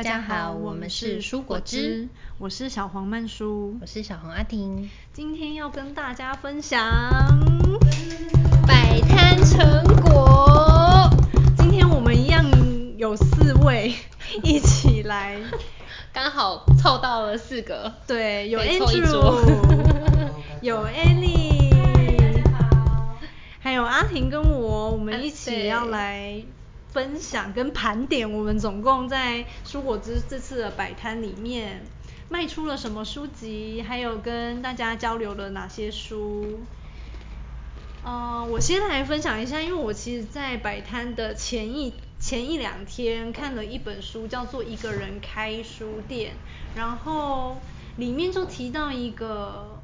大家，大家好，我們是書果汁，我是小黃曼舒，我是小黃阿婷，今天要跟大家分享擺攤成果。今天我們一樣有四位一起來，剛 好湊到了四個，對，有 Andrew，有 Annie，大家好，還有阿婷跟我，我們一起要來。分享跟盤點，我們總共在書果汁這次的擺攤裡面賣出了什麼書籍，還有跟大家交流了哪些書。呃，我先來分享一下，因為我其實在擺攤的前一前一兩天看了一本書，叫做《一個人開書店》，然後裡面就提到一個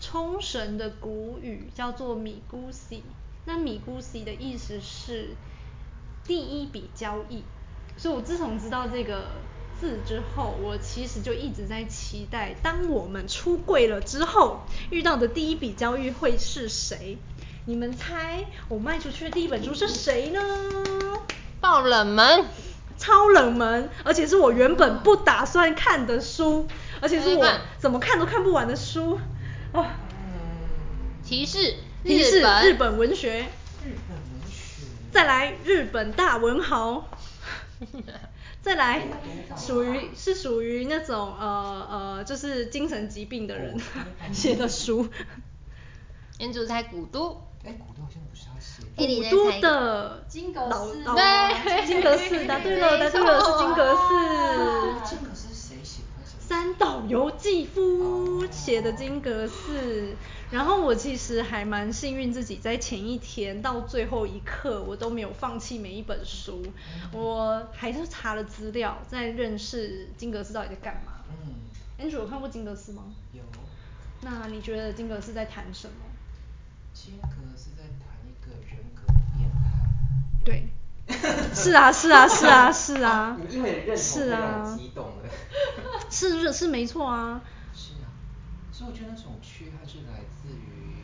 沖繩的古語，叫做「米姑西」。那 miiguci 的意思是第一筆交易，所以我自從知道這個字之後，我其實就一直在期待，當我們出櫃了之後，遇到的第一筆交易會是誰？你們猜我賣出去的第一本書是誰呢？爆冷門，超冷門，而且是我原本不打算看的書，而且是我怎麼看都看不完的書，哦，提示。一是日本文學，日本文學、嗯，再來日本大文豪，再來屬於是屬於那種呃呃就是精神疾病的人寫、哦嗯、的書，原主在古都，哎，古都不古都的金閣寺，對金閣寺答對了，答對了、欸欸欸欸欸，哦，是金閣寺。欸三島由紀夫寫、oh, okay. 的《金閣寺》，然後我其實還蠻幸運，自己在前一天到最後一刻，我都沒有放棄每一本書，mm -hmm. 我還是查了資料，在認識金閣寺到底在幹嘛。Mm -hmm. Andrew, 有看過金閣寺嗎？有。那你覺得金閣寺在談什麼？金閣寺在談一個人格的變態。對。是啊，是啊，是啊，是啊，因為認識而激動，是是沒錯啊。是啊，所以我覺得那種缺它是來自於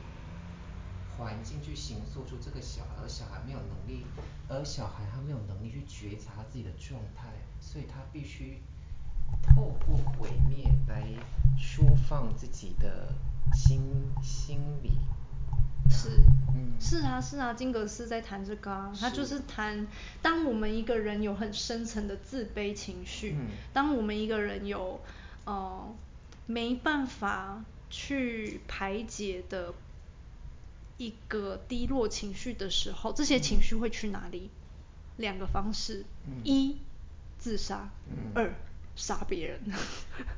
環境去形塑出這個小孩，而小孩沒有能力，而小孩他沒有能力去覺察自己的狀態，所以他必須透過毀滅來釋放自己的心心理。是，嗯，是啊，是啊，金閣寺在談這個啊，他就是談，當我們一個人有很深層的自卑情緒、嗯，當我們一個人有，呃，沒辦法去排解的一個低落情緒的時候，這些情緒會去哪裡？兩、嗯、個方式，嗯、一，自殺、嗯，二。殺別人，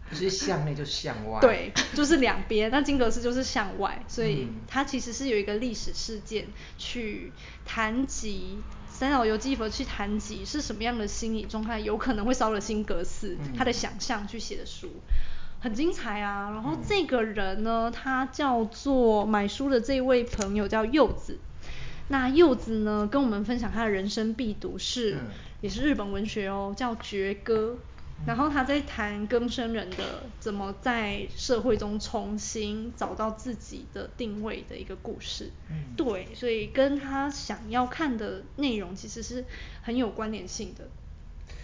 不是向內就向外， 對，就是兩邊。那金閣寺就是向外，所以他其實是有一個歷史事件去談及三島由紀夫去談及是什麼樣的心理狀態，有可能會燒了金閣寺，他的想象去寫的書，很精彩啊。然後這個人呢，他叫做買書的這位朋友叫柚子，那柚子呢，跟我們分享他的人生必讀是、嗯，也是日本文學哦，叫《絕歌》。然後他在談更生人的怎麼在社會中重新找到自己的定位的一個故事，嗯。對，所以跟他想要看的內容其實是很有關聯性的。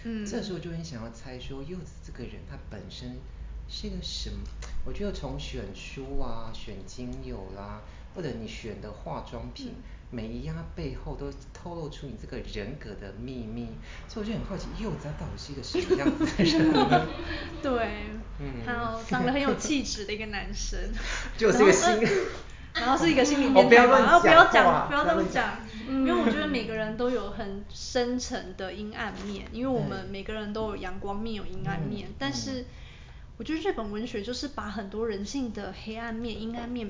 嗯，這時候就很想要猜說，柚子這個人他本身是一個什麼？我覺得從選書啊、選精油啦，啊，或者你選的化妝品。嗯每一樣背後都透露出你這個人格的秘密，所以我就很好奇，柚子到底是一個什麼樣子的人。 對、嗯，還有長得很有氣質的一個男生，就是然後呃、 然後是一個心，然後是一個心裡面不要不講、哦、不要這麼講，麼講、嗯，因為我覺得每個人都有很深沉的陰暗面，嗯、因為我們每個人都有陽光面有陰暗面，嗯、但是、嗯、我覺得日本文學就是把很多人性的黑暗面陰暗面。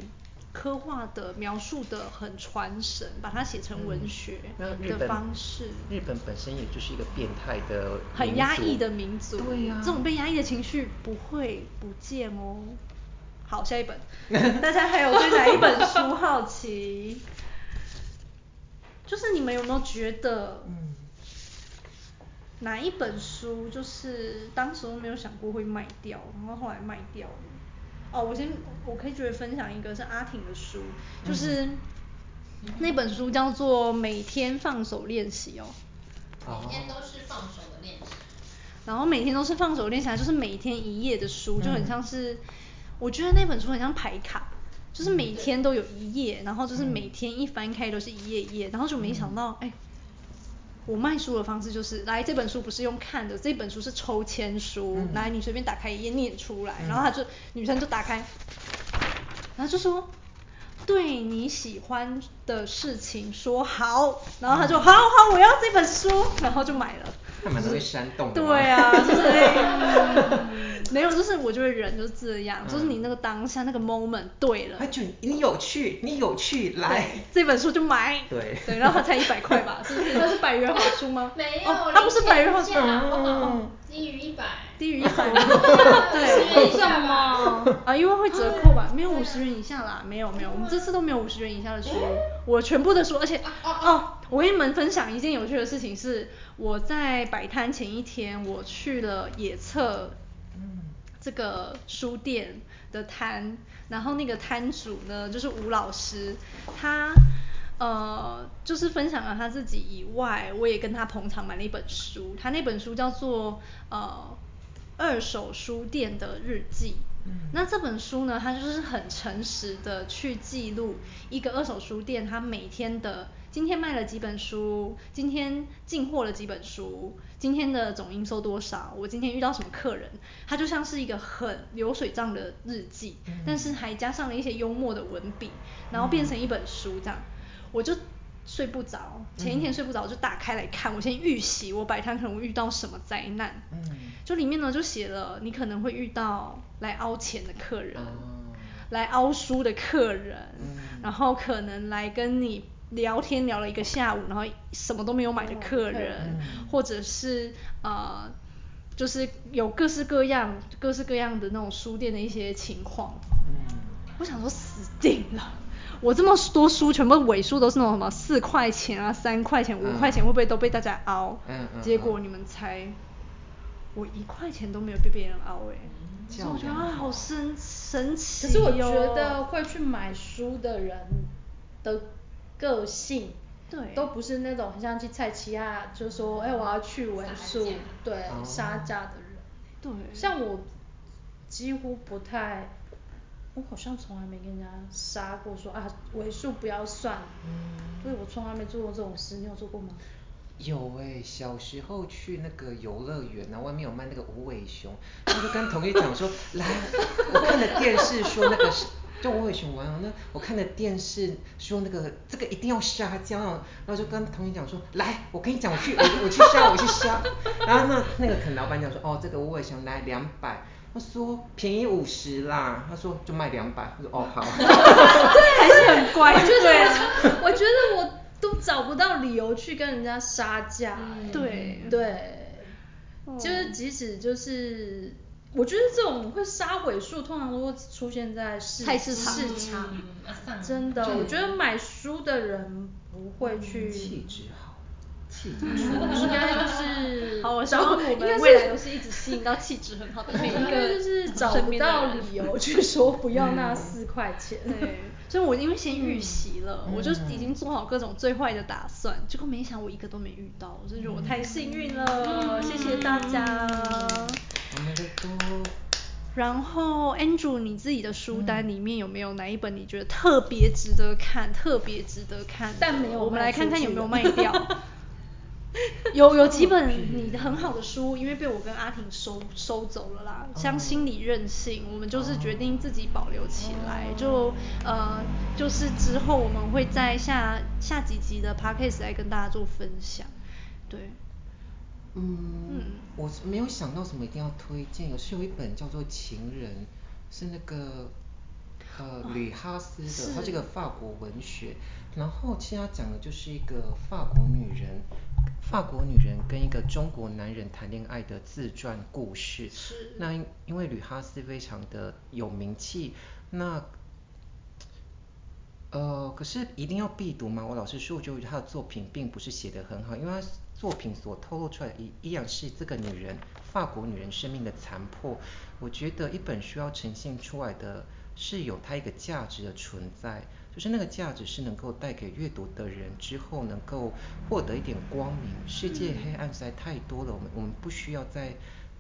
刻畫的描述的很傳神，把它寫成文學的方式、嗯，那日。日本本身也就是一個變態的，很壓抑的民族。對啊，這種被壓抑的情緒不會不見哦。好，下一本， 大家還有對哪一本書好奇？ 就是你們有沒有覺得，嗯，哪一本書就是當時都沒有想過會賣掉，然後後來賣掉了？哦，我先我可以覺得分享一個是阿婷的書，嗯、就是那本書叫做《每天放手練習》哦，每天都是放手的練習，然後每天都是放手練習、嗯，就是每天一頁的書，就很像是、嗯、我覺得那本書很像牌卡，就是每天都有一頁，然後就是每天一翻開都是一頁一頁，然後就沒想到哎。嗯欸我賣書的方式就是，來這本書不是用看的，這本書是抽籤書，嗯、來你隨便打開一頁念出來，嗯、然後她就女生就打開，然後就說對你喜歡的事情說好，然後她就、嗯、好，好，我要這本書，然後就買了。他們都會煽動的。對啊，所以。 嗯沒有，就是我覺得人就是這樣，嗯、就是你那個當下那個 moment 對了，就你有趣，你有趣，來這本書就買，對，然後它才一百塊吧，是不是？那 是百元好書嗎？沒有、哦，它不是百元好書，嗯，低、哦、於、哦、一百，低於一百，哈哈哈哈哈，五 十元以下嗎？啊，因為會折扣吧，啊、沒有五十元以下啦，沒有沒有、啊，我們這次都沒有五十元以下的書、嗯，我全部的書，而且哦、啊啊啊啊啊，我跟你們分享一件有趣的事情是，我在擺攤前一天，我去了野測。這個書店的攤，然後那個攤主呢，就是吳老師，他呃，就是分享了他自己以外，我也跟他捧場買了一本書，他那本書叫做呃《二手書店的日記》，那這本書呢，它就是很誠實的去記錄一個二手書店他每天的。今天賣了幾本書？今天進貨了幾本書？今天的總營收多少？我今天遇到什麼客人？它就像是一個很流水賬的日記、嗯，但是還加上了一些幽默的文筆，然後變成一本書這樣。嗯、我就睡不着，前一天睡不着，我就打開來看。嗯、我先預習，我擺攤可能會遇到什麼災難？嗯，就裡面呢就寫了，你可能會遇到來凹錢的客人，嗯、來凹書的客人、嗯，然後可能來跟你。聊天聊了一個下午，然後什麼都沒有買的客人，嗯嗯、或者是呃，就是有各式各樣、各式各樣的那種書店的一些情況、嗯。我想說死定了，我這麼多書，全部尾數都是那種什麼四塊錢啊、三塊錢、五塊錢，會不會都被大家凹？嗯、結果你們猜，我一塊錢都沒有被別人凹哎、欸！所以我覺得啊，好神神奇。可是我覺得會去買書的人的，個性，對，都不是那種很像去菜奇啊，就是說，哎、嗯欸，我要去尾數，對，殺、哦、價的人，對，像我幾乎不太，我好像從來沒跟人家殺過說，說啊，尾數不要算，嗯，所以我從來沒做過這種事，你有做過嗎？有哎，小時候去那個遊樂園，然後外面有賣那個無尾熊，他 就跟同學講說， 來，我看了電視說那個是。 就我也想玩啊，那我看的電視說那個這個一定要殺價，然後就跟同學講說，來，我跟你講，我去，我去殺，我去殺。然後那那個肯老板講說，哦，這個我也想來兩百，他說便宜五十啦，他說就賣兩百，我說哦好， 對，還、 就是很乖，對啊，我覺得我都找不到理由去跟人家殺價，嗯，對，嗯，對，就是即使就是。我覺得這種會殺尾數，通常都會出現在市場、市場、市場。真的，我覺得買書的人不會去氣質好，氣質 應該就是好。我想我們未來都是一直吸引到氣質很好的 每一個，我就是找不到理由去說不要那四塊錢、 嗯。所以，我因為先預習了、嗯，我就已經做好各種最壞的打算、嗯的打算嗯，結果沒想到我一個都沒遇到，我覺得我太幸運了、嗯嗯，謝謝大家。然後 Andrew，你自己的書單裡面有沒有哪一本你覺得特別值得看，特別值得看？但沒有，我們來看看有沒有賣掉。 有有幾本你很好的書，因為被我跟阿婷收收走了啦，嗯、像《心理韌性》，我們就是決定自己保留起來，嗯、就呃就是之後我們會在下下幾集的 podcast 來跟大家做分享，對。嗯，嗯，我沒有想到什麼一定要推薦，有是有一本叫做《情人》，是那個呃呂哈斯的，啊、他這個法國文學，然後其實他講的就是一個法國女人，法國女人跟一個中國男人談戀愛的自傳故事。是。那因為呂哈斯非常的有名氣，那呃可是一定要必讀嗎？我老實說，我覺得他的作品並不是寫得很好，因為他。作品所透露出來，依依然是這個女人，法國女人生命的殘破。我覺得一本書要呈現出來的，是有它一個價值的存在，就是那個價值是能夠帶給閱讀的人之後，能夠獲得一點光明。世界黑暗實在太多了，我們我們不需要再。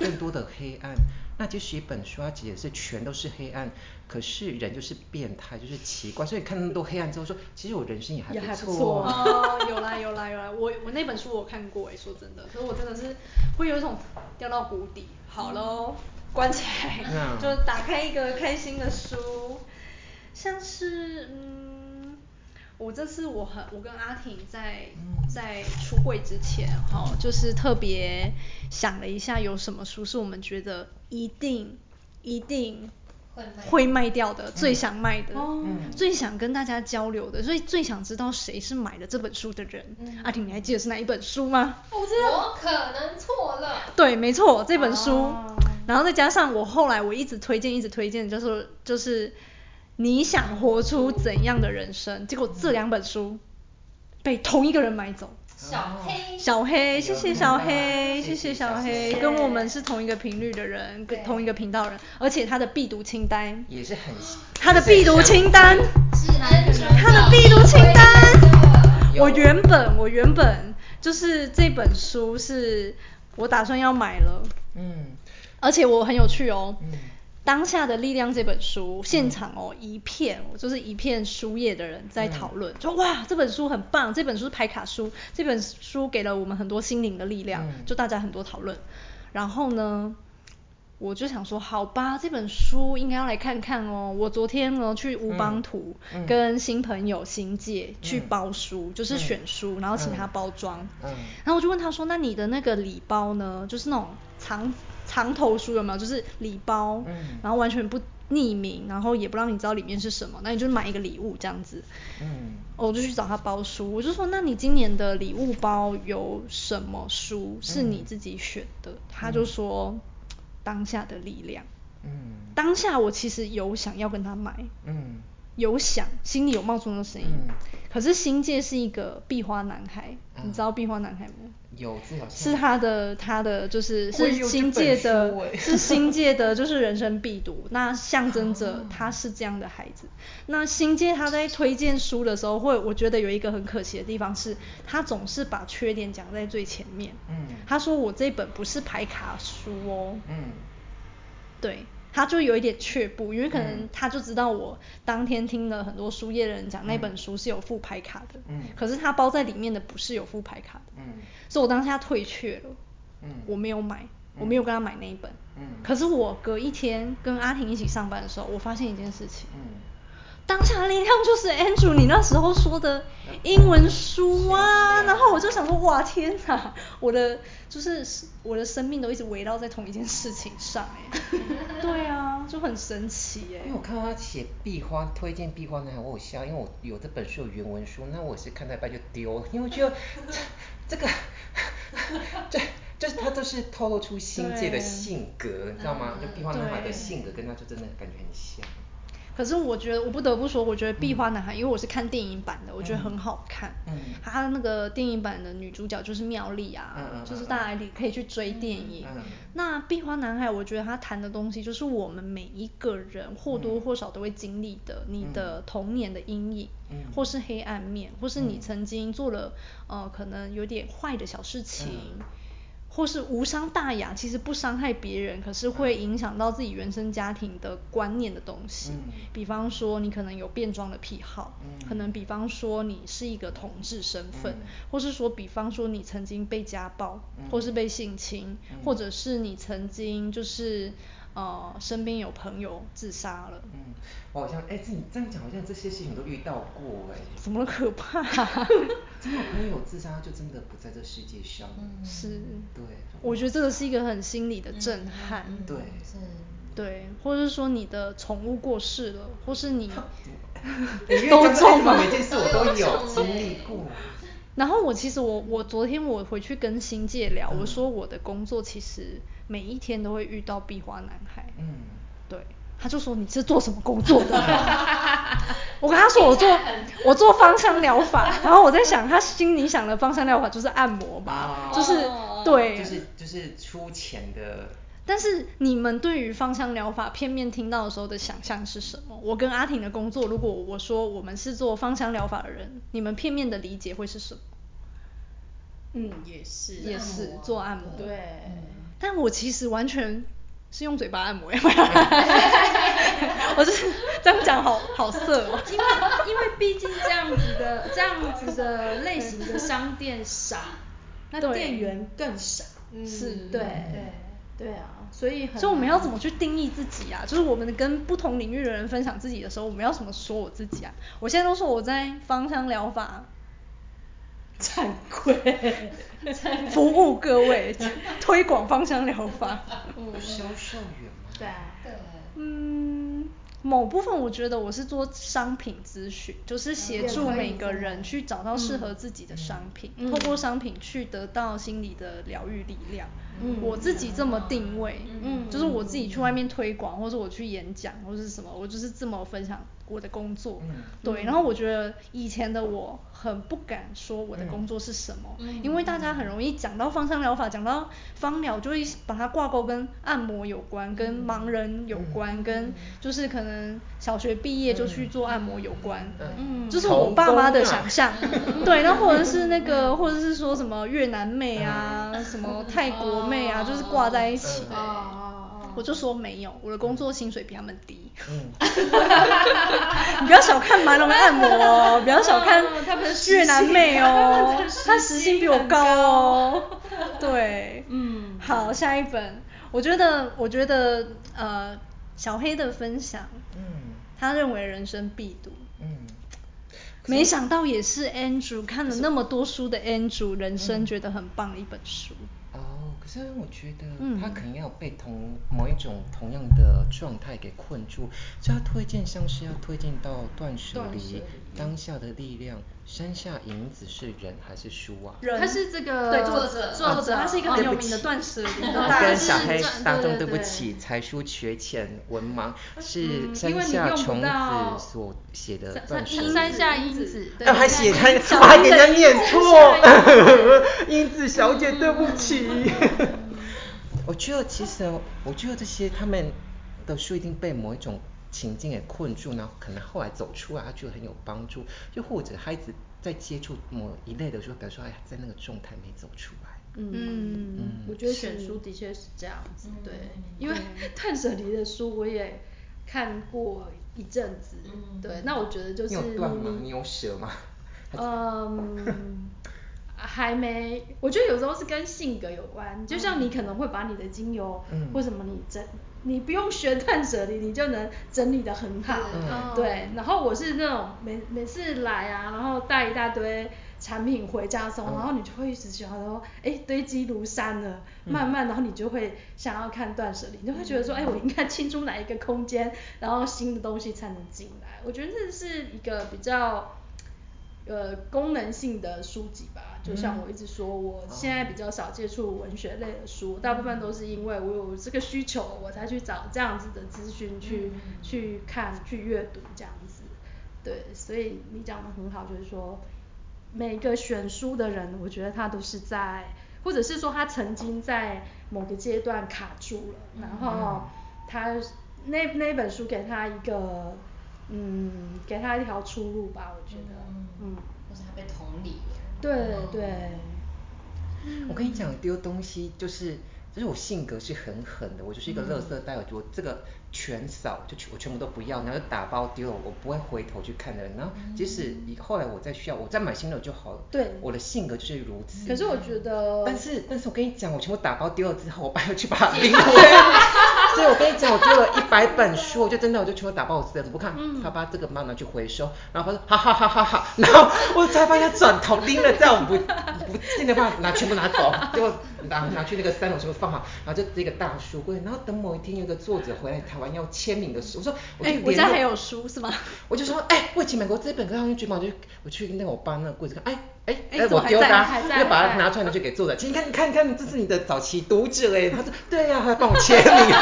更多的黑暗，那其實一本書它解釋全都是黑暗，可是人就是變態，就是奇怪，所以看那麼多黑暗之後說，說其實我人生也還不錯，啊 哦。有啦有啦有啦，我我那本書我看過誒，說真的，所以我真的是會有一種掉到谷底，好嘍，關起來，嗯，就打開一個開心的書，像是嗯。我這次我很，我跟阿婷在在出攤之前哈、嗯哦，就是特別想了一下，有什麼書是我們覺得一定一定會賣掉的，掉的嗯、最想賣的、嗯，最想跟大家交流的，所以最想知道誰是買了這本書的人、嗯。阿婷，你還記得是哪一本書嗎？哦、我知道，我可能錯了。對，沒錯，這本書、哦。然後再加上我後來我一直推薦，一直推薦，就是就是。你想活出怎樣的人生？結果這兩本書被同一個人買走。小黑，小黑，謝謝小黑，哎、謝謝小黑，跟我們是同一個頻率的人，跟同一個頻道的人，而且他的必讀清單也是很，他的必讀清單，他的必讀清單，他的必讀清單。我原本，我原本就是這本書是我打算要買了，嗯，而且我很有趣哦。嗯當下的力量這本書，現場哦、嗯、一片就是一片書頁的人在討論，說、嗯、哇這本書很棒，這本書是牌卡書，這本書給了我們很多心靈的力量，就大家很多討論、嗯。然後呢，我就想說好吧，這本書應該要來看看哦。我昨天呢去烏邦圖跟新朋友新姐去包書、嗯，就是選書、嗯、然後請他包裝、嗯嗯。然後我就問他說，那你的那個禮包呢，就是那種長。藏頭書有沒有？就是禮包、嗯，然後完全不匿名，然後也不讓你知道裡面是什麼，那你就買一個禮物這樣子。嗯，我就去找他包書，我就說：那你今年的禮物包有什麼書是你自己選的？嗯、他就說、嗯《當下的力量》。嗯，當下我其實有想要跟他買。嗯。有想，心裡有冒出那種聲音、嗯。可是星界是一個壁花男孩，嗯、你知道壁花男孩嗎？有，有，是他的，他的就是是星界的，是星界的，就是人生必讀。 那象徵着他是這樣的孩子。啊、那星界他在推薦書的時候會，會我覺得有一個很可惜的地方是，他總是把缺點講在最前面。嗯、他說：“我這本不是牌卡書哦。嗯”對。他就有一點卻步，因為可能他就知道我當天聽了很多書業的人講那本書是有附牌卡的，嗯，可是他包在裡面的不是有附牌卡的，嗯，所以我當下退卻了，嗯，我沒有買，我沒有跟他買那一本，嗯，可是我隔一天跟阿婷一起上班的時候，我發現一件事情，嗯當下力量就是 Andrew，你那時候說的英文書啊，然後我就想說，哇天哪，我的就是我的生命都一直圍繞在同一件事情上哎，嗯、 對啊，就很神奇哎。因為我看到他寫壁花推薦壁花男孩我好笑，因為我有這本書有原文書，那我也是看到一半就丟，因為我覺得這這個這這 他都是透露出新界的性格，你知道嗎？就壁花男孩的性格跟他就真的感覺很像。可是我覺得，我不得不說，我覺得《壁花男孩》，嗯因為我是看電影版的，嗯、我覺得很好看。嗯。他那個電影版的女主角就是妙麗啊、嗯，就是大家也可以去追電影。嗯、那《壁花男孩》，我覺得他談的東西就是我們每一個人或多或少都會經歷的，你的童年的陰影、嗯，或是黑暗面，或是你曾經做了、嗯、呃可能有點壞的小事情。嗯嗯或是無傷大雅，其實不傷害別人，可是會影響到自己原生家庭的觀念的東西。比方說，你可能有變裝的癖好，可能比方說你是一個同志身份，或是說比方說你曾經被家暴，或是被性侵，或者是你曾經就是。哦、呃，身邊有朋友自殺了。嗯，我好像哎、欸，你這樣講好像這些事情都遇到過哎。怎麼可怕、啊？真 有朋友自殺就真的不在這世界上、嗯。是。對。我覺得這個是一個很心理的震撼、嗯。對。是。對，或者是說你的寵物過世了，或是你。你都做嗎？每件事我都有經歷過。 然後我其實我我昨天我回去跟新界聊、嗯，我說我的工作其實每一天都會遇到壁花男孩。嗯，對。他就說，你是做什麼工作的？ 我跟他說我做 我做芳香療法。 然後我在想他心裡想的芳香療法就是按摩吧、哦，就是、哦、對，就是就是出錢的。但是你們對於芳香療法片面聽到的時候的想象是什麼？我跟阿婷的工作，如果我說我們是做芳香療法的人，你們片面的理解會是什麼？嗯，也是也是做按摩對。對、嗯，但我其實完全是用嘴巴按摩呀。 我是這樣講，好好色、哦 因。因為因為畢竟這樣子的這樣子的類型的商店少，那店員更少。嗯，是，對。對對啊，所以所以我們要怎麼去定義自己啊？就是我們跟不同領域的人分享自己的時候，我們要怎麼說我自己啊？我現在都說我在芳香療法，慚愧， 服務各位，推廣芳香療法，銷售員嘛，嗯。對啊，對，嗯某部分我覺得我是做商品諮詢，就是協助每個人去找到適合自己的商品、嗯，透過商品去得到心理的療癒力量、嗯。我自己這麼定位、嗯，就是我自己去外面推廣、嗯，或者我去演講、嗯，或者是什麼，我就是這麼分享我的工作、嗯。對，然後我覺得以前的我很不敢說我的工作是什麼，嗯、因為大家很容易講到芳香療法，講到芳療就會把它掛鈎跟按摩有關，跟盲人有關，嗯、跟就是可能。嗯，小學畢業就去做按摩有關，嗯，就是我爸媽的想象、嗯，對，那或者是那個，嗯、或者是說什麼越南妹啊、嗯，什麼泰國妹啊、哦，就是掛在一起。哦哦哦，我就說沒有，我的工作薪水比他們低。嗯 你不要小看蠻龍的按摩哦， 不要小看越南妹哦，她時薪比我高哦。對，嗯，好，下一本，我覺得，我覺得，呃。小黑的分享，嗯，他認為人生必讀，嗯，沒想到也是 Andrew，是看了那麼多書的 Andrew，嗯、人生覺得很棒的一本書。哦，可是我覺得他可能要被同，嗯、某一種同樣的狀態給困住，所以他推薦像是要推薦到斷捨離。當下的力量，山下英子是人還是書啊？人。他是這個對作者，作者他、啊、是一個很、啊、有名的斷食，跟小黑大眾對不起，才疏學淺，文盲是山下瓊子所寫的斷食。山下英子，還寫錯，還給人唸錯，英子小姐、啊、對不起。我覺得其實，我覺得這些他們的書已經被某一種。情境也困住，然後可能後來走出來，他覺得很有幫助。就或者孩子在接觸某一類的時候，比如說哎，在那個狀態沒走出來。嗯，嗯我覺得選書的確是這樣子，對。因為、嗯、斷捨離的書我也看過一陣子，嗯、對。那我覺得就是。你有斷嗎？嗯、你有捨嗎？嗯，還沒。我覺得有時候是跟性格有關，就像你可能會把你的精油，嗯，為什麼你這？你不用學斷捨離，你就能整理得很好，對、嗯。對，然後我是那種每每次來啊，然後帶一大堆產品回家的時候，然後你就會一直想說，哎、欸，堆積如山了。慢慢，然後你就會想要看斷捨離，你就會覺得說，哎、欸，我應該清出哪一個空間，然後新的東西才能進來。我覺得這是一個比較。呃，功能性的書籍吧，就像我一直說，嗯、我現在比較少接觸文學類的書、嗯，大部分都是因為我有這個需求，我才去找這樣子的資訊去、嗯、去看、去閱讀這樣子。對，所以你講得很好，就是說每個選書的人，我覺得他都是在，或者是說他曾經在某個階段卡住了，然後他、嗯、那那本書給他一個嗯。給他一條出路吧，我覺得，嗯，嗯，我是他被同理對對、嗯。我跟你講，丟東西就是，就是我性格是很狠的，我就是一個垃圾袋，嗯，我覺得這個全掃就全，我全部都不要，然後就打包丟了，我不會回頭去看的人，嗯，然後即使你後來我再需要，我再買新的就好了。對，我的性格就是如此。嗯，可是我覺得，但是但是我跟你講，我全部打包丟了之後，我爸又去把它拎回來 所以我跟你講，我丟了一百本書，我就真的我就全部打包，我自己。我不看，他把這個媽媽拿去回收，然後他說哈哈好好好，然後我才發現轉頭拎了，這樣我不不進的話拿全部拿走，結果。然後拿去那個三樓是不是放好？嗯，然後就這個大書櫃，然後等某一天有一個作者回來台灣要簽名的時候，我說我，哎，我家還有書是嗎？我就說，哎，未起美國這本可以回去嘛，哎哎哎？我就我去那個我爸那個櫃子看，哎哎哎，我丟它，要把它拿出來然後就給作者，請你看你看看，這是你的早期讀者嘞，啊。他說，對呀，啊，他還要幫我簽名， 啊，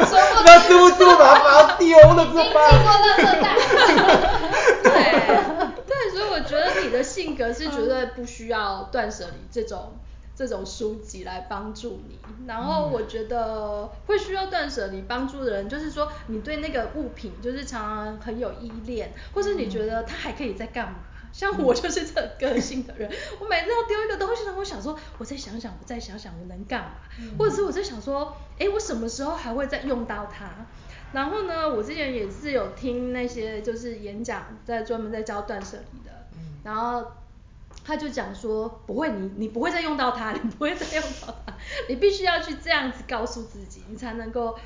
你說。 啊，是不是說說那師傅師傅把它丟了怎麼辦？ 對 對，所以我覺得你的性格是絕對不需要斷舍離，嗯，這種。這種書籍來幫助你，然後我覺得會需要斷捨離幫助的人，就是說你對那個物品就是常常很有依戀，或者你覺得它還可以再幹嘛，嗯？像我就是這個個個性的人、嗯，我每次要丟一個東西呢，然後我想說，我再想想，我再想想我能幹嘛，嗯，或者是我在想說，哎、欸，我什麼時候還會再用到它？然後呢，我之前也是有聽那些就是演講，在專門在教斷捨離的、嗯，然後。他就講說，不會，你你不會再用到它，你不會再用到它，你必須要去這樣子告訴自己，你才能夠。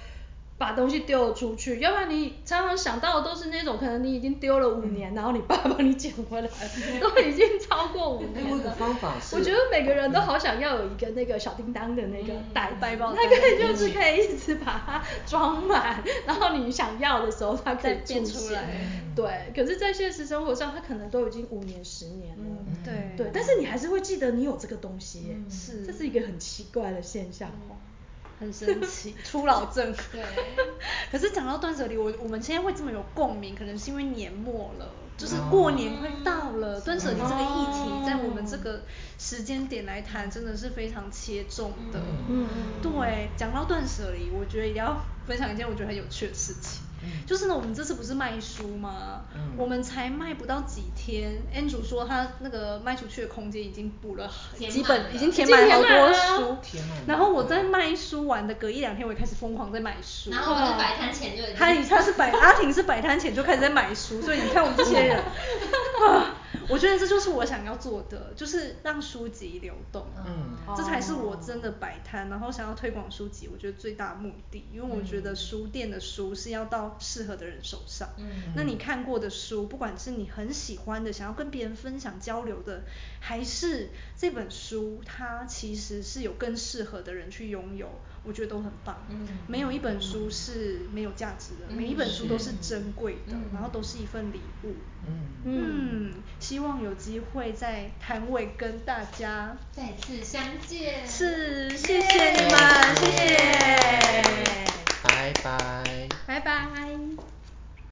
把東西丟了出去，要不然你常常想到的都是那種，可能你已經丟了五年、嗯，然後你爸幫你撿回來、嗯，都已經超過五年了的方法是。我覺得每個人都好想要有一個那個小叮噹的那個袋，袋、嗯、包，那個就是可以一直把它裝滿，嗯、然後你想要的時候它可以再變出來。嗯、對，可是，在現實生活上，它可能都已經五年、十年了、嗯對。對，但是你還是會記得你有這個東西、嗯是，這是一個很奇怪的現象。嗯很神奇， 初老症。 對。 可是講到斷捨離，我我們現在會這麼有共鳴，可能是因為年末了，就是過年快到了，斷、oh. 捨離這個議題、oh. 在我們這個時間點來談，真的是非常切中的，嗯嗯。對，講到斷捨離，我覺得也要分享一件我覺得很有趣的事情。嗯、就是呢，我們這次不是賣書嗎？嗯、我們才賣不到幾天，Andrew 說他那個賣出去的空間已經補了幾本，已經填滿好多書了、啊。然後我在賣書完的隔一兩天，我也開始瘋狂在買書。嗯、然後擺攤前就他他是擺阿婷是擺攤前就開始在買書，所以你看我們這些人、嗯啊，我覺得這就是我想要做的，就是讓書籍流動。嗯，這才是我真的擺攤，然後想要推廣書籍，我覺得最大的目的，因為我覺得書店的書是要到適合的人手上，嗯，那你看過的書，不管是你很喜歡的，想要跟別人分享交流的，還是這本書，嗯、它其實是有更適合的人去擁有，我覺得都很棒，嗯，沒有一本書是沒有價值的、嗯，每一本書都是珍貴的、嗯，然後都是一份禮物，嗯嗯，希望有機會在攤位跟大家再次相見，是，謝謝你們，嗯、謝謝。謝謝拜拜。拜拜。